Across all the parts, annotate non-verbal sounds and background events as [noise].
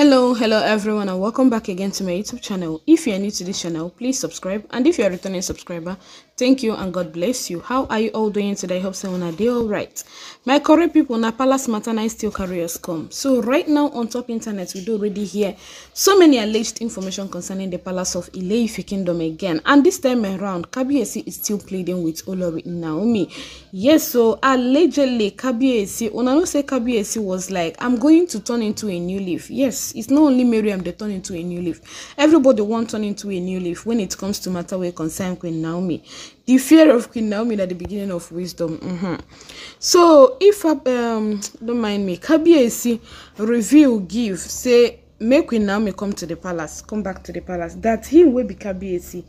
hello hello everyone and welcome back again to my youtube channel if you are new to this channel please subscribe and if you are a returning subscriber thank you and god bless you how are you all doing today hope someone are they all right my correct people na palace matter na still carriers come so right now on top internet we do already hear so many alleged information concerning the palace of ileife kingdom again and this time around kabiyesi is still pleading with olori naomi yes so allegedly kabiyesi una know say kabiyesi was like i'm going to turn into a new leaf yes it's not only mariam dey turn into a new leaf everybody want turn into a new leaf when it comes to matter wey concern queen naomi the fear of Queen Naomi at the beginning of wisdom. Mm-hmm. So if um don't mind me, Kabiesi reveal give say make Queen Naomi come to the palace, come back to the palace. That him will be Kabiesi.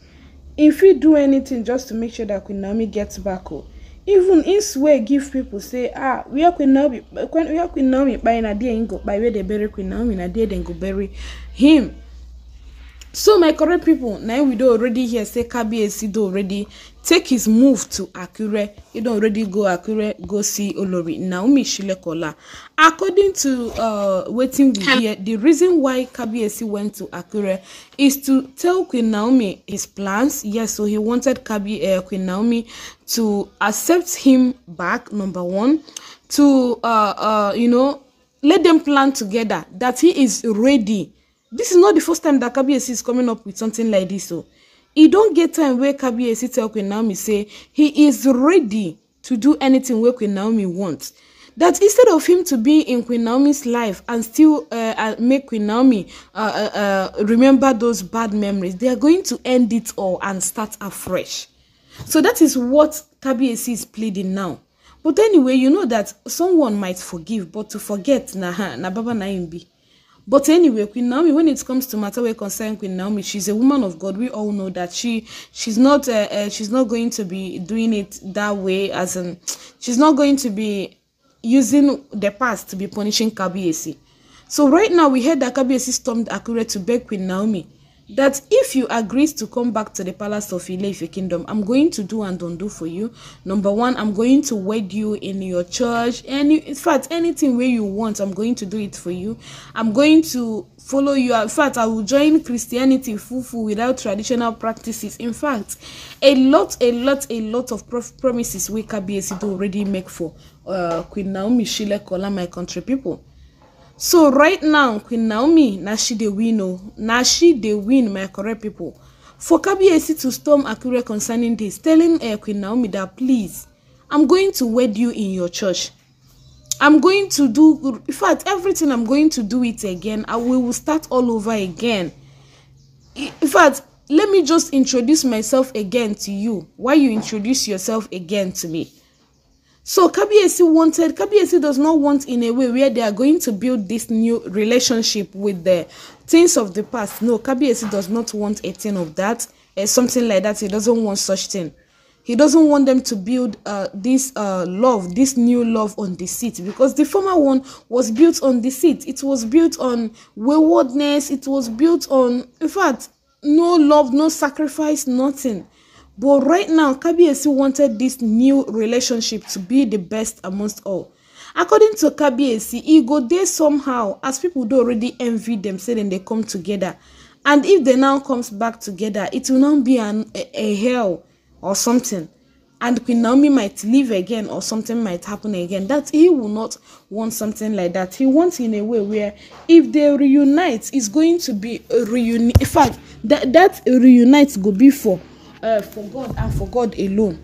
If we do anything just to make sure that Queen Naomi gets back, oh, even in swear give people say ah we are Queen Naomi, we are Queen Naomi by na dey go by where they bury Queen Naomi na dey then go bury him. So my correct people, now we do already hear say Kabi Esido already take his move to Akure. He don already go Akure, go see Olori Naomi Shilekola. According to uh waiting we hear, the reason why Kabi went to Akure is to tell Queen Naomi his plans. Yes, so he wanted Kabi uh, Queen Naomi to accept him back. Number one, to uh uh you know let them plan together that he is ready This is not the first time that Kabiyesi is coming up with something like this. So oh. he don't get time wey Kabiyesi tell Queen Naomi say he is ready to do anything where Queen Naomi wants. That instead of him to be in Queen Naomi's life and still uh, uh make Queen Naomi uh, uh, uh, remember those bad memories, they are going to end it all and start afresh. So that is what Kabiyesi is pleading now. But anyway, you know that someone might forgive, but to forget, nah, nah, baba na him be. But anyway, Queen Naomi, when it comes to matter where concern Queen Naomi, she's a woman of God. We all know that she she's not uh, uh, she's not going to be doing it that way. As in, she's not going to be using the past to be punishing Kabiesi. So right now, we heard that Kabiesi stormed Akure to beg Queen Naomi that if you agree to come back to the palace of Ile-Ife kingdom, I'm going to do and undo for you. Number one, I'm going to wed you in your church. Any, in fact, anything where you want, I'm going to do it for you. I'm going to follow you. In fact, I will join Christianity fufu without traditional practices. In fact, a lot, a lot, a lot of promises Weka BSC already make for uh, Queen Naomi Shileko, my country people so right now queen naomi na she dey win o oh. na she dey win my correct pipo for kbac to storm akure concerning this. telling uh, queen naomi that please i'm going to wed you in your church i'm going to do in fact everything i'm going to do it again and we will start all over again in fact let me just introduce myself again to you Why you introduce yourself again to me So KBSC wanted, KBSC does not want in a way where they are going to build this new relationship with the things of the past. No, KBSC does not want a thing of that, uh, something like that. He doesn't want such thing. He doesn't want them to build uh, this uh, love, this new love on deceit because the former one was built on deceit. It was built on waywardness. It was built on, in fact, no love, no sacrifice, nothing. But right now, Kabiyesi wanted this new relationship to be the best amongst all. According to Kabiyesi, e go dey somehow as people do, already envy them say dem dey come together. And if they now comes back together, it will now be an, a, a hell or something. And Queen Naomi might leave again or something might happen again. That he will not want something like that. He wants in a way where if they reunite, it's going to be a reunion. In fact, that, that reunite go be for uh, for god and ah, for god alone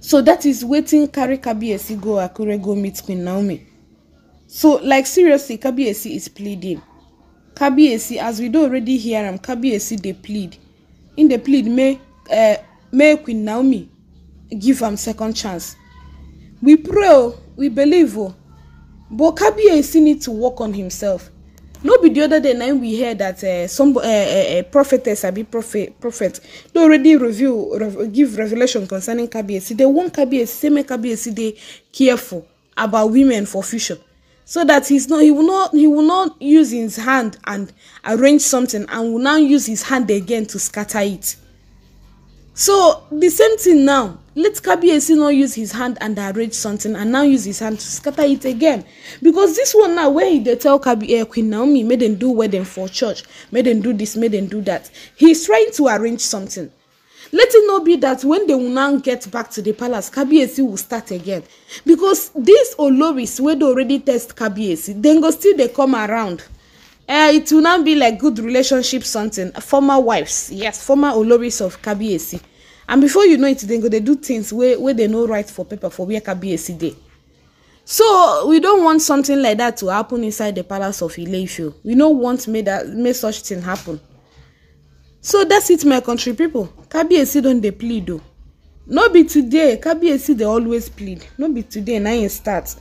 so that is waiting. carry kabiyesi go akure go meet queen naomi so like seriously kabiyesi is pleading kabiyesi as we do already hear am kabiyesi They plead In the plead may, uh, make queen naomi give him second chance we pray oh, we believe o oh. but kabiyesi need to work on himself no be the other day na we hear that uh, some uh, uh, prophetess abi prophet prophet don already review rev give revelation concerning kabiyesi they warn kabiyesi say make kabiyesi dey careful about women for future so that he's not he will not he will not use his hand and arrange something and will now use his hand again to scatter it. So the same thing now. Let Kabiesi not use his hand and arrange something and now use his hand to scatter it again. Because this one now, when they tell Kabi, eh, Queen Naomi, made them do wedding for church, made them do this, made them do that. He's trying to arrange something. Let it not be that when they will now get back to the palace, Kabiesi will start again. Because this Oloris, where they already test Kabiesi, then go still they come around. Uh, it will now be like good relationship something. Former wives, yes, former Oloris of Kabiesi and before you know it they go They do things where where they no write for paper for where kbac dey so we don't want something like that to happen inside the palace of ileife we no want make that make such thing happen so that's it my country people kbac don't they plead though? no be today kbac they always plead no be today Now you start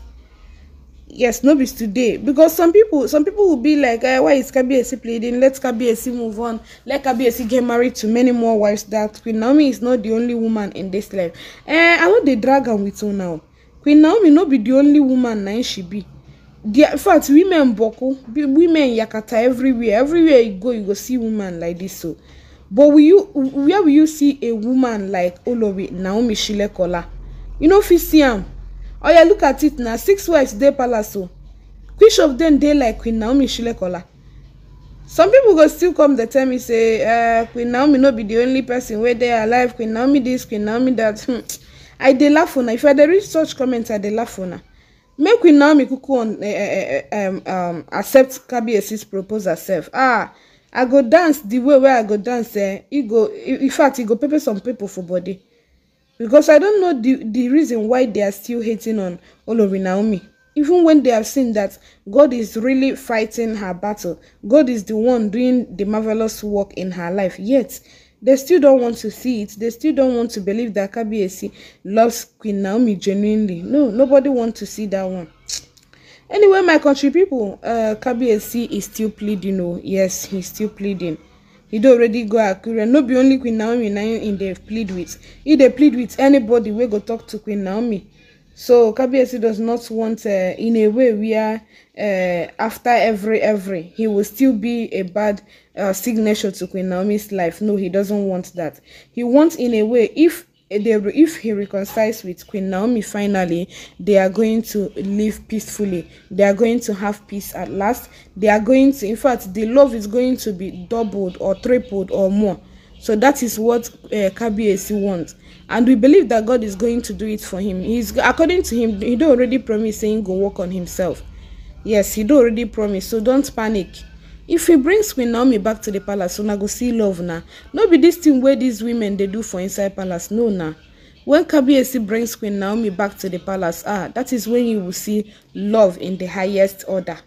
yes no be today because some people some people will be like eh, why is kabiyesi pleading let kabiyesi move on let kabiyesi get married to many more wives that queen naomi is not the only woman in this life eh, i no dey drag am with una now. queen naomi no be the only woman na she be The in fact women boku women yakata everywhere everywhere you go you go see woman like this so. Oh. but will you where will you see a woman like olori naomi shilekola you no know, fit see him oya look at it na six wives dey palace o oh. which of dem dey like queen naomi shilekola some people go still come dey tell me say uh, queen naomi no be the only person wey dey alive queen naomi this queen naomi that hmm. [laughs] i dey laugh una if i dey read such comments, i dey laugh una make queen naomi kuku on, uh, uh, um, um, accept kabiyesi's proposal sef ah i go dance the way wey i go dance eh e go in fact e go pepper some people for body because I don't know the, the reason why they are still hating on Olori Naomi. Even when they have seen that God is really fighting her battle, God is the one doing the marvelous work in her life. Yet, they still don't want to see it. They still don't want to believe that Kabiesi loves Queen Naomi genuinely. No, nobody wants to see that one. Anyway, my country people, uh, Kabiesi is still pleading. Oh, yes, he's still pleading. Ido already go Akure. No be only Queen Naomi na im dey plead with. E dey plead with anybody wey go talk to Queen Naomi. So Kabiyesi does not want uh, in a way where uh, after every every he will still be a bad uh, signature to Queen Naomi's life. No, he doesn't want that. He wants in a way if Eh, they, if he reconciles with Queen Naomi finally, they are going to live peacefully. They are going to have peace at last. They are going to, in fact, the love is going to be doubled or tripled or more. So that is what uh, eh, Kabiesi wants. And we believe that God is going to do it for him. He's according to him, he already promised saying go work on himself. Yes, he already promised. So don't panic if he brings queen naomi back to the palace una go see love na no be this thing wey these women dey do for inside palace no na When kabiyesi brings queen naomi back to the palace ah that is when you will see love in the highest order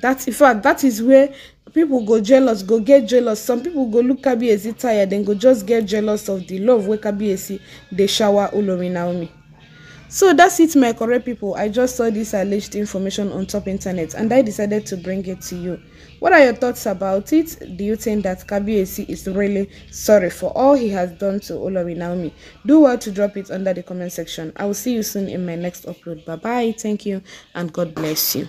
That in fact that is where people go jealous go get jealous some people go look kabiyesi tired then go just get jealous of the love wey kabiyesi dey shower olori naomi. So that's it my correct people. I just saw this alleged information on top internet and I decided to bring it to you. What are your thoughts about it? Do you think that KBAC is really sorry for all he has done to Olori Naomi? Do well to drop it under the comment section. I will see you soon in my next upload. Bye bye. Thank you and God bless you.